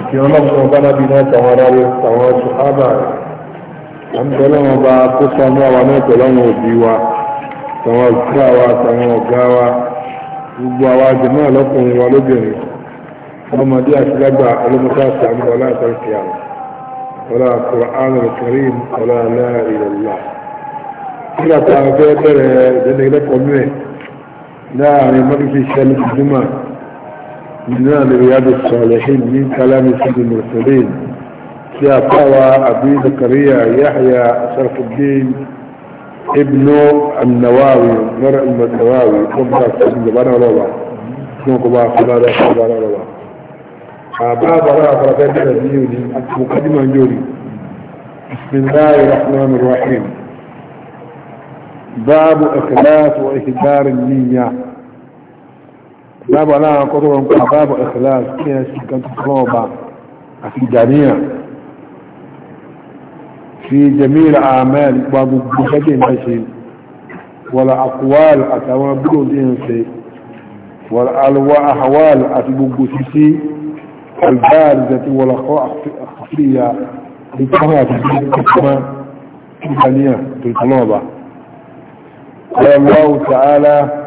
ìfì ọlọ́pọ̀ bá lábí náà tàwọn ará rẹ̀ tàwọn ṣùhábà rẹ̀ àmìtọ́lọ́wọ́n bá kó sọmọ wa náà tọ́lọ́wọ́n òbí wa tàwọn òkúra wa tàwọn ọ̀gá wa gbogbo àwa jẹ̀mọ́ ọlọ́kùnrin wa lóbìnrin ọmọdé àti ọlọ́mọdé àti àmì ọlá àtàkì àwọn ọlá Al-Qur'an al ọlá aláàrí ọlá nígbà tá fẹ́ bẹ̀rẹ̀ ìdẹ́nilẹ́kọ̀ọ́ من رياض الصالحين من كلام سيد المرسلين يا طوى أبي زكريا يحيى شرف الدين ابن النواوي مرء النواوي كم سيد بنا روا كم كبا خبارة خبارة روا أبا برا فرقات الديوني مقدمة جوري بسم الله الرحمن الرحيم باب إخلاص وإهدار النية باب على قدر باب إخلاص كيف كانت صعوبة في جميع في جميع أعمال باب بجد ماشي ولا أقوال أتوا بدون إنسي ولا ألوى أحوال أتبقى سيسي البارزة ولا خفية لتقرأ تسمى في جميع في القلوبة قال الله تعالى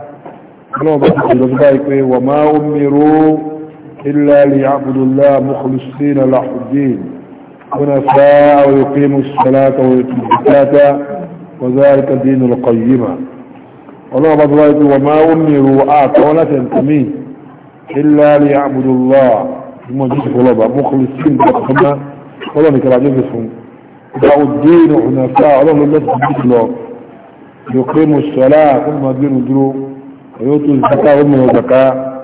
وما أمروا إلا ليعبدوا الله مخلصين لحدين ونساء ويقيموا الصلاة ويتبكات وذلك الدين القيمة ونعم الله وما أمروا آتونة أمين إلا ليعبدوا الله مخلصين لحدين ولنك العجبسهم دعوا الدين ونساء الله لنسى بسلو يقيموا الصلاة ثم الدين الدروب ويؤتوا الزكاة هم وزكاة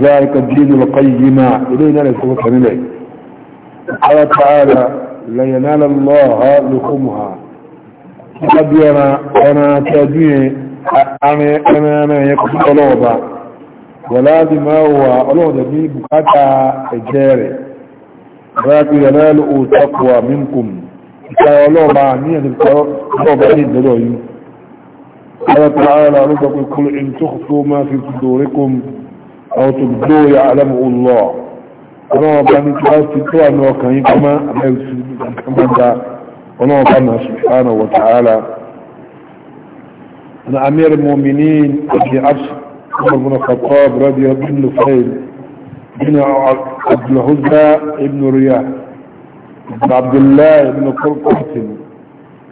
ذلك الدين القيم إلينا ليسوا كمله قال تعالى لا ينال الله لكمها قد يرى أنا تدين أنا أنا أنا يقصد قلوبا ولا دماء قلوبا دي بكاتا الجاري ذاك ينال تقوى منكم قالوا ما مين قالوا ما مين قال تعالى ربك كل إن تخفوا ما في صدوركم أو تبدوا يعلم الله أنا أبني تعالى ستوى أن وكيكما أبني سبحانه وتعالى أنا سبحانه وتعالى أنا أمير المؤمنين أبي عبس عمر بن الخطاب رضي الله بن نفيل بن عبد الهزة بن رياح عبد الله بن قرطاتم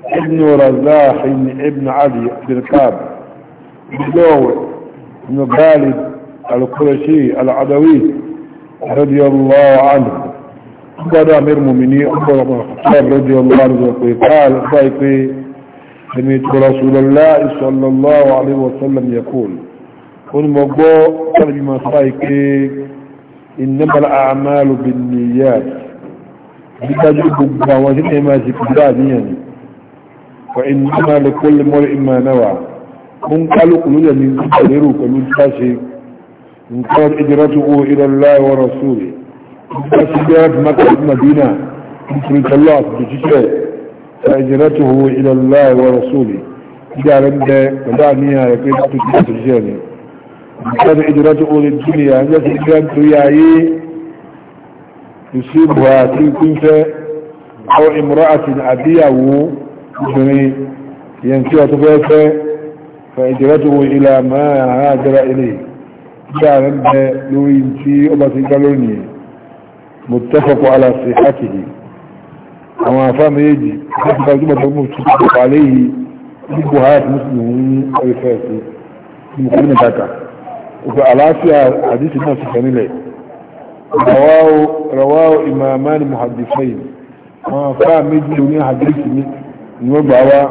ابن رزاح ابن علي بن كعب بلوه بن خالد القرشي العدوي رضي الله عنه قد امير المؤمنين عمر بن الخطاب رضي الله عنه قال فايقي سمعت رسول الله صلى الله عليه وسلم يقول قل مقبو قال بما انما الاعمال بالنيات بتجربه وجدت ما ذكرى يعني فإنما لكل مرء ما نوى من قالوا قلولا من قدروا قلولا فاشي من قالت إجرته إلى الله ورسوله فاشدات مكة مدينة مثل الله بجيشة فإجرته إلى الله ورسوله إذا لم تدعنيها يكيد تتبع تجاني من قالت إجرته للدنيا التي كانت تريعي يصيبها تلك أو امرأة أبيه obìnrin yẹn tí wọ́n tó fẹ́ fẹ́ فإجرته إلى ما هاجر إليه كان لوينتي أبطي كالوني متفق على صحته أما فهم يجي حسب الجمعة المتفق عليه ببهات مسلمين ويفاتي بمكلمة هكا وفعلى فيها حديث الناس الخميلة رواه, رواه إمامان محدثين ما فهم يجي لوني حديث نبعوا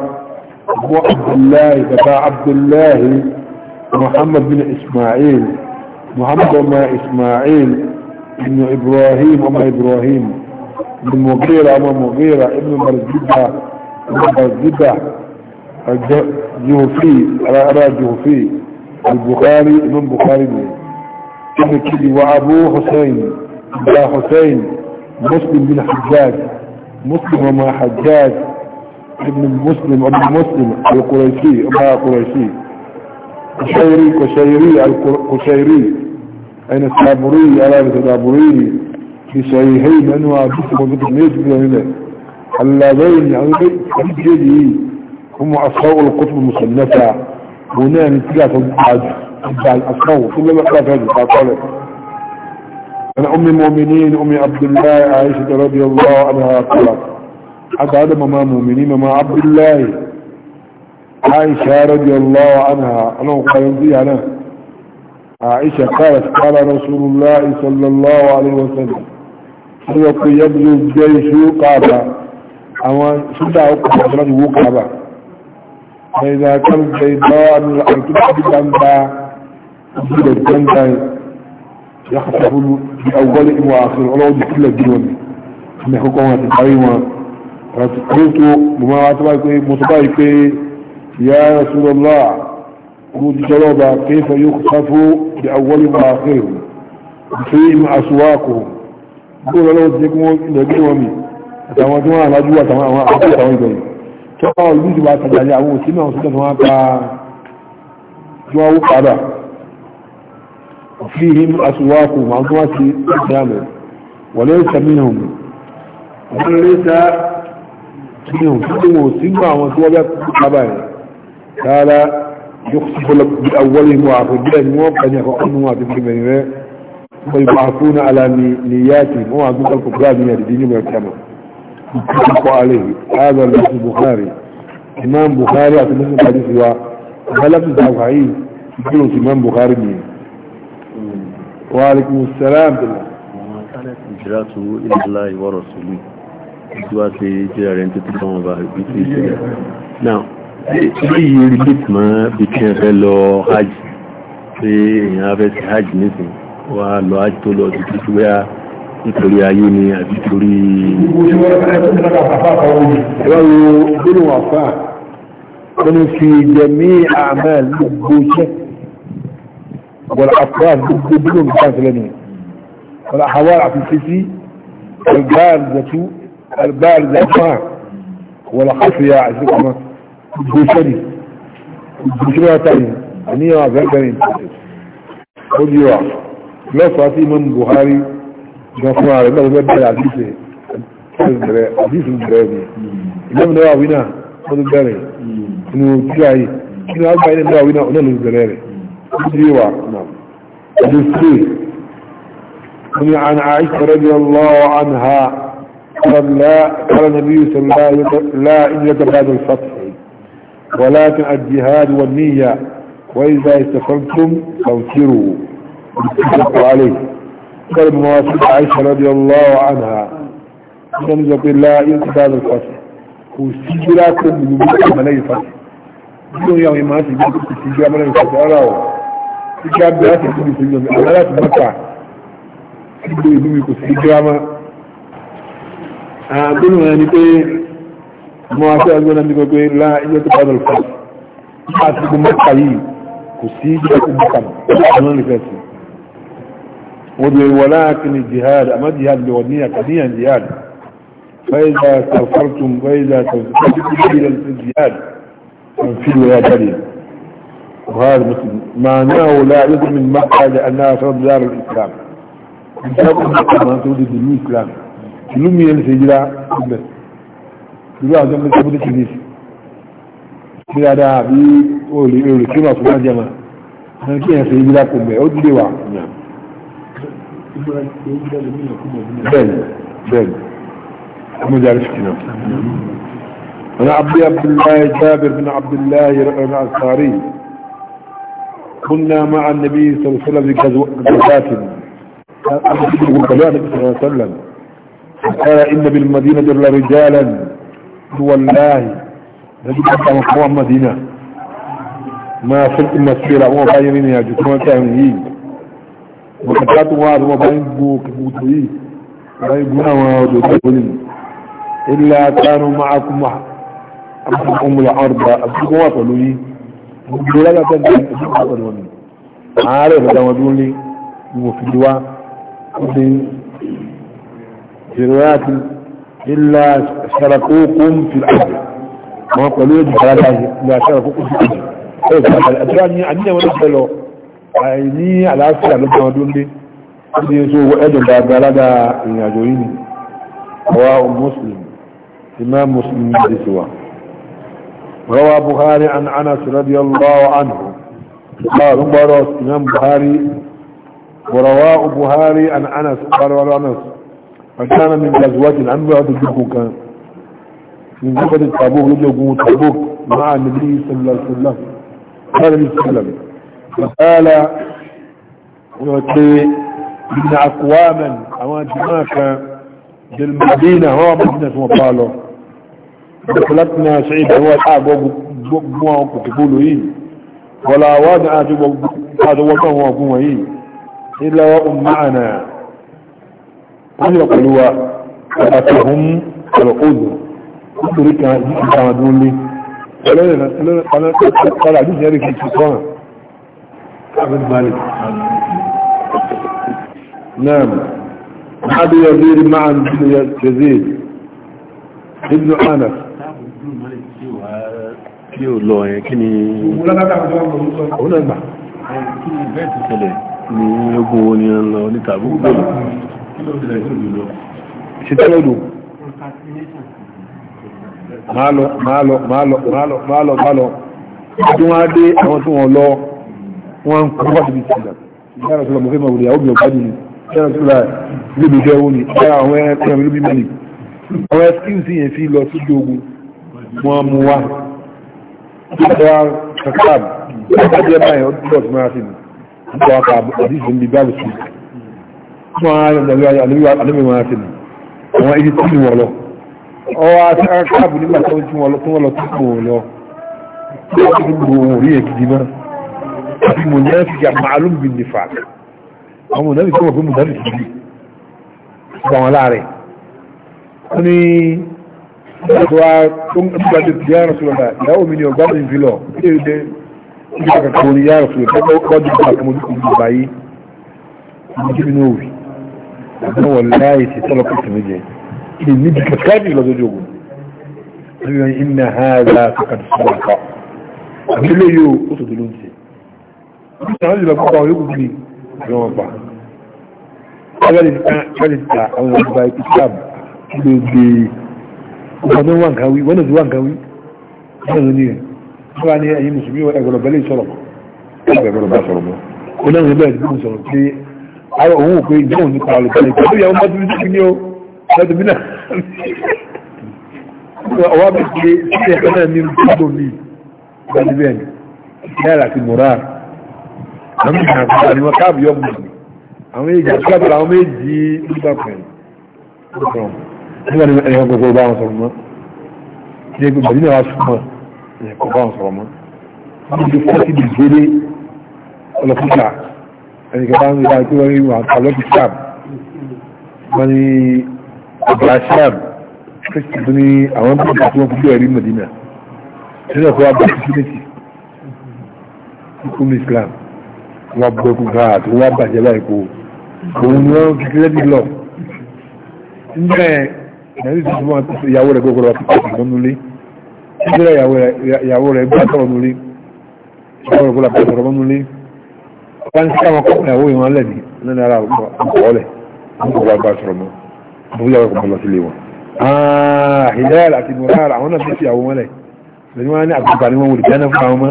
أبو عبد الله بابا عبد الله محمد بن إسماعيل محمد وما إسماعيل ابن إبراهيم وما إبراهيم ابن مغيرة وما مغيرة ابن مرزبة مرزبة جوفي رأى جوفي البخاري ابن بخاري ابن كلي وأبو حسين ابن حسين مسلم بن حجاج مسلم وما حجاج ابن المسلم ابن مسلم القريشي ابا قريشي قشيري قشيري القشيري اين السابوري على السابوري في من هو بسم وذكر ميت بلا اللذين يعني هم اصحاب القطب المصنفة هنا بعد بعد الاصحاب كل ما اخلاف هذه قال انا ام المؤمنين ام عبد الله عائشة رضي الله عنها قالت أقعد مما مؤمنين مما عبد الله عائشة رضي الله عنها أنا قال لي أنا عائشة قالت قال رسول الله صلى الله عليه وسلم سوق يبدو الجيش قابا أما سدع أقعد رجل قابا فإذا كانت بيضاء من الأرض بأنت أجيب الجنة يخطف بأولهم وآخرهم ولو دخل الجنة أنا حكومة القريمة قلت مماتبا متبا يا رسول الله قلت جوابا كيف يخطف بأول وآخرهم فيهم أسواقهم قول له تجمو لجوامي أتواجوا على جوا تمام أقول تواجوا تقول يجي بعد تجاري أبو سيما وسيلة ما با جوا وقارا فيهم أسواقهم أنتم أسي وليس منهم وليس ní òkúkú wọn sí mọ́ àwọn tí wọ́n bẹ́ kú kábà rẹ̀ rárá yóò sí fọ́lọ́ bí awọ́lé mọ́ àfẹ́jẹ́ ni wọ́n kàn yà kọ́ ọ̀nà àti bìbẹ̀rẹ̀ rẹ̀ wọ́n yìí máa fún ala ní níyàtì wọ́n àti kọ́ kọ́kọ́ àmì àdìdí ní mẹ́rin kama kọ́ alẹ́ rárá tí wá sí jẹ́ rẹ̀ tó tí wọ́n bá rí sí ìṣẹ̀lẹ̀. now ilé yìí relate mọ́ bí kí n fẹ́ lọ hajj pé èèyàn á fẹ́ sí hajj nísìn wá lọ hajj tó lọ sí títí wíyá nítorí ayé ni àbí torí. ìwọ́n gbóná wà fà wọ́n fi jẹ̀mí àmà gbogbo iṣẹ́ wọ́n àpò àgbègbè gbóná nǹkan sílẹ̀ nù wọ́n àwọn àfisísí ọ̀gá àgbẹ̀tú البارد الفار ولا خفية عزيزكما الجوشري الجوشري تاني أني وعزيز بني قد يوع لو صاتي من بخاري على الله يبدأ عزيزه عزيز الدرابي إمام نواوينا قد الدرابي إنه تجاهي إنه أبقى إنه نواوينا أنه الدرابي قد يوع نعم من عن عائشة رضي الله عنها قال لا قال النبي صلى الله عليه وسلم لا إجرة بعد الفتح ولكن الجهاد والنية وإذا استفرتم فانفروا اتفقوا عليه قال المواصل عائشة رضي الله عنها نمزة لا إجرة بعد الفتح وسجلاكم من مبكة ملاي فتح بدون يوم ما سجلاكم سجلاء ملاي فتح أراه سجلاء بلاتي سجلاء ملاي فتح سجلاء ملاي فتح سجلاء ملاي فتح àgbẹ̀nù rẹ̀ ni pé mo wá sí ẹgbẹ́ náà ní gbogbo ńlá iye tó bá lọ́lọ́ fún un àti gbogbo mẹ́ta yìí kò sí ìjọba tó bá kàn án lọ́nà ìfẹ́ sí wọ́n lè wọ́n láàkín jihad àmọ́ jihad lè wọ́n níyà kàdíyàn jihad faiza safartum faiza safartum ila jihad فانفلوا يا بني وهذا مسلم معناه لا يدري من مكة لأنها فرض دار الإسلام من شرط ما تولد الإسلام ìlú mi yẹn ṣe yíra ọgbẹ̀ ìlú àjọ mi tẹ́bùtù ti ní ṣe dáadáa àbí òòlì èrò kí wà fún máa jẹma ẹni kí yẹn ṣe yíra kò bẹ̀ ó dìde wà. bẹ́ẹ̀ni bẹ́ẹ̀ni ọmọ jàre fi kìnnà. أنا عبد الله جابر بن عبد الله الأنصاري كنا مع النبي صلى الله عليه وسلم في غزوات النبي صلى الله عليه وسلم قال إن بالمدينة إلا رجالا هو الله نجد أنت مقوى مدينة ما صلت المسيرة هو بايرين يا جسمان كاملين وكتات وعاد وما بوك بوتوي باين بنا وجوتوين إلا كانوا معكم أم الأرض أبقوا وطلوي وجولا تنتين أبقوا وطلوني عارف دون وفي دواء في روايات إلا شركوكم في الأرض ما قالوا يجب على لا شركوكم في الأرض الأدراني إيه، عني وليس له عيني على أسرع لما دون لي أدي يسوه أجل بلد يجويني رواه مسلم إمام مسلم بسوا روى بخاري عن أنس رضي الله عنه قال هم إمام بخاري ورواه بخاري عن أنس قال ولو أنس فكان من غزوات الأنبياء تجيبه كان من غزوة الطابوق لجوا الطابوق مع النبي صلى الله عليه وسلم قال النبي صلى الله عليه وسلم فقال إن أقواما أو جماعك بالمدينة هو مدينة وقالوا دخلتنا شعيب هو الحاق وقبوا تقولوا إيه ولا وادع هذا وقبوا إيه إلا وأم معنا wọ́n yọ pẹ̀lú wa pàtàkì ọ̀hún ọ̀rọ̀ òòlù nítorí kan ní ìdáwọn tó lé ọlọ́rẹ̀ àdúgbò ẹ̀rẹ́ kìí sọ́nà abin malik نعم أبي يزيد مع ابن يزيد ابن أنس kí o lọ ẹ̀ kí ni ọ̀nà ìgbà ní ogun wo ni ẹ ń lọ ní tàbí gbọ́nà ìṣẹ́tẹ́lẹ̀ ìlú máa lọ máa lọ máa lọ máa lọ máa lọ máa lọ tí wọ́n á dé àwọn tí wọ́n lọ wọ́n ń kọ́ bá ti bí sílẹ̀ ìyára tó lọ mọ́fẹ́ mọ̀wòrì àwọn obìnrin ọ̀gbájú ni ìyára tó lọ lébi iṣẹ́ owó ni ìyára àwọn ẹran ìlú bí mẹ́lì àwọn skills yẹn fi lọ sí ogun wọ́n mú wá ìjọba kàkàbù àwọn ibi tí wọ́n lọ ọwọ́ àti akáàbù nígbà tó ń tí wọ́n lọ tó wọ́n lọ tó kò lọ tí wọ́n tó gbogbo ohun orí ẹ̀gidi mọ́ àti mò ní ẹ́fìkà màálùm bí nìfà àwọn mò náà tó wọ́n pé mò náà ti bí gbà wọn láàrẹ ó ní ìgbà tó ń gbà tó ti yára sọ̀rọ̀ náà ìyàwó mi ni ọgbà mi fi lọ ó lè dé ìgbà kàkà orí yára sọ̀rọ̀ tó kọ́ ọdún ìgbà tó mo ti kò gbà yìí ìgbà tó mi náà àmọ́ wọ́n láàyè ti tọ́lọ́ kó tèmi jẹ ilé níbi kẹta jù lọ lójú ogun lórí wọn iná ha ra kàkàtà sọ́wọ́ kọ́ àbí ilé yóò ó tòdó ló ń ṣe bí sàn án jùlọ púpọ̀ àwọn yóò gbé àwọn wọn pa wọ́n lè ta àwọn ọmọ ọba ikú sáàbù kí ló gbé ọkọ̀ tó wà nǹkan wí wọ́n lè tó wà nǹkan wí wọ́n lè ní rẹ̀ wọ́n wá ní ẹ̀yin mùsùlùmí ẹgbẹ̀rún bẹ́lẹ̀ sọ̀rọ̀ mọ́ ẹgbẹ̀rún bá sọ̀rọ̀ mọ́ àwọn òun òpin ìdáhùn nípa olùkọ́ni pẹ̀lú ìyàwó mọ́tò ní kí ní ó mọ́tò mí náà ọwọ́ bí ṣe sí ẹ̀kọ́ náà ní ìdúgbò mi gbọ́dọ̀ bẹ́ẹ̀ ni náírà ti mọ̀ra àwọn èèyàn àgbà ni wọ́n káàbù yọ̀ mọ̀ àwọn èèyàn àgbà tó àwọn méjì nígbà pẹ̀lú nígbà ní ẹ̀yàn gbogbo bá wọn sọ̀rọ̀ mọ́ ní ẹgbẹ́ bàbí náà wá súnmọ́ ẹ̀yàn kọ́ bá wọn sọ̀rọ̀ mọ́ ẹnìkan bá ń rí báyìí tí wọ́n rí wọn àlọ́bí sam wọ́n ní ọ̀bàrà sam kristi tó ní àwọn bí ìgbà tí wọ́n fojú ẹ̀rí mọ̀dínà nínú ọ̀pọ̀ àgbà kìkìmẹ́tì fún Islam wọ́n bọ́ ẹkùn káà tó wọ́n bàjẹ́ báyìí kó òun ni wọ́n fi kílẹ́dì lọ nígbà ẹ̀rí tó fún ìyàwó rẹ̀ gbogbo rẹ̀ pàtàkì wọn ìyàwó rẹ̀ gbà tọ̀rọ̀ nulẹ̀ wọ́n ti káwọn kọ́kùnrin àwọn ìwọ̀n lẹ́ni nínú ara ọ̀pọ̀ọ̀lẹ̀ nígbà bá sọ̀rọ̀ mọ́ bóyá ọkọ̀ bọ́ lọ sílé wọn. Ah, Hidayat àti Murara àwọn náà fi àwọn mọ́lẹ̀ lẹ́ni wọ́n ní àgbàgbà ni wọ́n wò lè dáná fún àwọn mọ́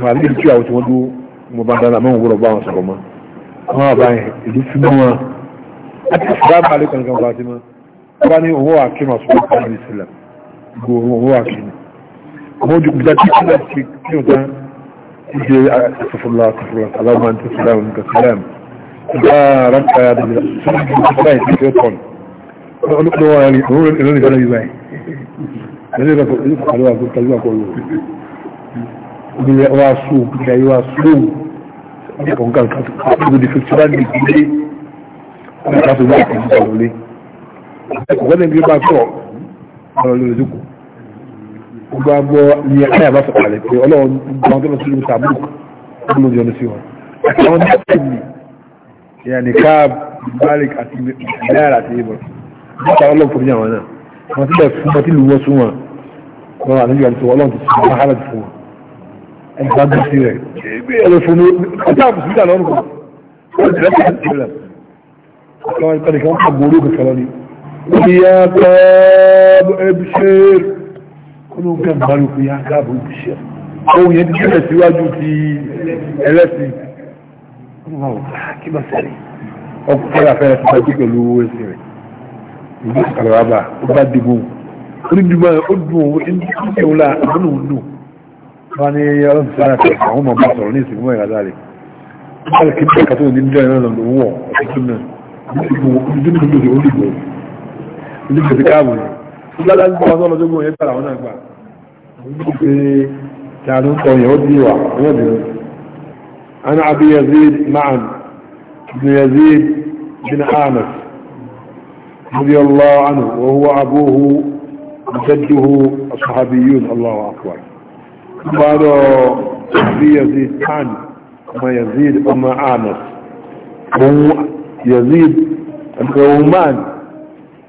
wọ́n àbí ìtú àwọn tí wọ́n dúró mo bá dáná mọ́ òwúrọ̀ bá wọn sọ̀rọ̀ mọ́ wọ́n wà báyìí ìlú fi mọ́ wọn àti ìsìlámù alẹ́ kankan wà sí mọ́ wọ́n bá ní owó àkínú ọ̀sùn wọn kọ́ ní ìsìlámù gbogbo owó àkínú. àwọn ojú kùtà tí kí je astagfirullah astagfirullah allahumma anta salam minka salam da ranka ya dabi sun ji sai ki ko kon ko lu ko wani ko ran ran ga nabi bai dane ba ko ko kalwa ko kalwa ko lu ni wa su da yi wa su ni ko ngal ka ko di festival ni ni ka so ba ko le ko ne bi ba ko ko lu zuku gbogbo agbọ́ ni ayà bá sọ̀kalẹ̀ pé ọlọ́run gbogbo àwọn tó lọ sí ìlú Tabuk ọlọ́run jọ ní sí wọn àwọn mẹ́rin ni ìyàní káàb Malik àti ìdáyàrá àti ìbọn nípa ọlọ́run fòrí àwọn náà wọn ti bẹ̀ fún wọn tí lù wọ́n sún wọn wọn àti ìyàní tó ọlọ́run ti sún wọn hálà ti fún wọn ẹgbẹ́ gbé sí rẹ̀ ẹgbẹ́ ẹ̀rọ fún mi ọjọ́ àbùsùn ìjà lọ́rùn kan wọ́n ti rẹ́pẹ̀ àti ìrẹ̀ ọ̀kan ìpẹ́ni kan kà ẹbí ṣe é olóhùn kẹ́ gbárù pé yá gáàbù ìṣẹ́ ohun yẹn ti kẹ́lẹ̀ síwájú ti ẹlẹ́sìn kí bá sẹ́rẹ̀ ọkùnrin fẹ́ra fẹ́ra ti bá gbígbẹ̀ lówó ẹsẹ̀ rẹ̀ ìlú kàlọ́rábà ó bá dìbò onídùúgbà ó dùn owó ọmọ bá ìgbàlá عن أبي يزيد معا بن يزيد بن آنس رضي الله عنه وهو أبوه وجده الصحابيون الله أكبر قالوا أبي يزيد كان أما يزيد أما آنس وهو يزيد الرومان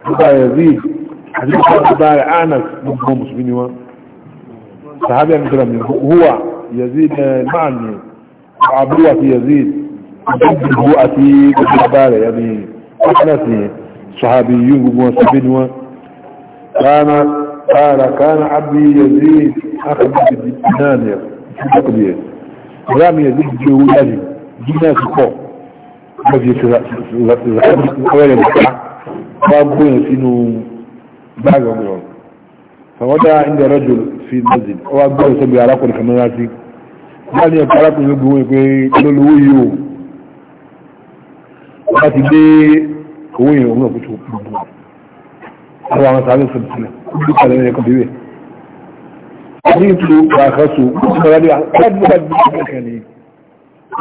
هو يزيد حديث الضارع انس بن مسلم صحابي المسلم هو يزيد المعني وعبوة يزيد جد هو أتي بالبار يعني أحنسي بن ومسلمين كان قال كان عبي يزيد أخذ بالدنانير تقدير ولم يزيد جهولاني جناس فوق مجلس الغير الكعب فأبوين سنو báàgì ọgbọ̀rọ̀ sọ̀wọ́dá ilẹ̀ rọ́jò fi lọ́jì ó wá gbọ́ ìṣẹ́bí arákùnrin kan náà sí báàgì ẹ̀kọ́ arákùnrin gbogbo wọn pé olólùwò yìí o wọ́n bá ti gbé owó yẹn òun òkúta gbogbo àwọn àwọn sáré sọ̀tìlẹ̀ kúrò kalẹ̀ ní ẹ̀kọ́ bíbẹ̀ ní ìtò àkàṣù kúrò kalẹ̀ ní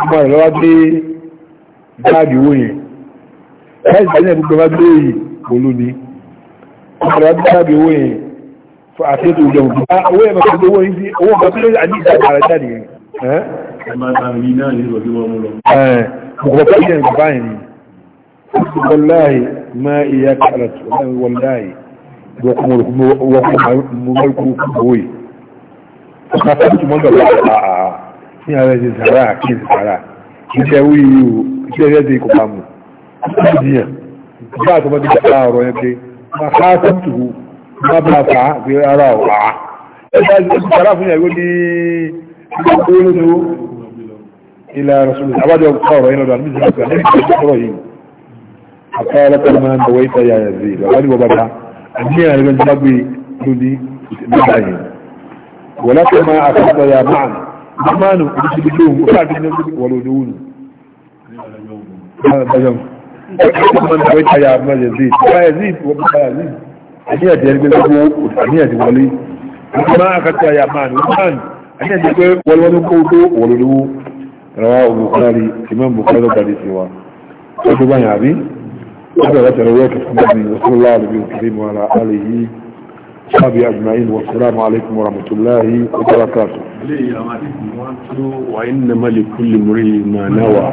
àkàṣù ọ̀rọ̀ dábì owó yẹn fún àtẹ́tù ìjọba owó yẹn máa fi owó yẹn sí owó nǹkan tó lóyún àdìsí àgbàrá jáde yẹn. Mọ̀kọ̀ fẹ́ yẹn bàbá yẹn ni. Wàláhì máa ìyá kàràtù wàláhì wọ́kùn mọ̀lùkù owó yìí. Ọ̀ka sábìtì mọ́ gbàgbà àà ní ara ẹ̀sìn sàrà kí ẹ̀sìn sàrà kí ṣe wí yìí o kí ṣe ma ká tẹ́tù ma bá fà á fi ara wà á ẹgbẹ́ ìjọba fún ìyàwó ní olóòtú ilẹ̀ rasulù abájọ ọ̀rọ̀ yìí lọ́dọ̀ àti bíjì lọ́dọ̀ àti bíjì lọ́dọ̀ yìí àkọ́ ọlọ́pàá máa ń bọ̀wọ́ ìta yà yà sí ìlọ́wọ́ ní bọ̀bá àti àrẹ lọ́dọ̀ bá gbé lóní nígbà yìí wọ́n láti máa àkọ́kọ́ yà máa máa nù oríṣiríṣi lóhùn ó káàkiri ní ọdún wọ́n lóhùn من بيت يا عم يزيد يا يزيد وما يزيد أني أجيب له أني أجيب لي ما أخذت يا مان مان أني أجيب ولو نقوله ولو رواه البخاري إمام بخاري قال سوا أجب يا أبي هذا لا ترويك النبي وصلى الله عليه وسلم وعلى آله صحابي أجمعين والسلام عليكم ورحمة الله وبركاته وإنما لكل امرئ ما نوى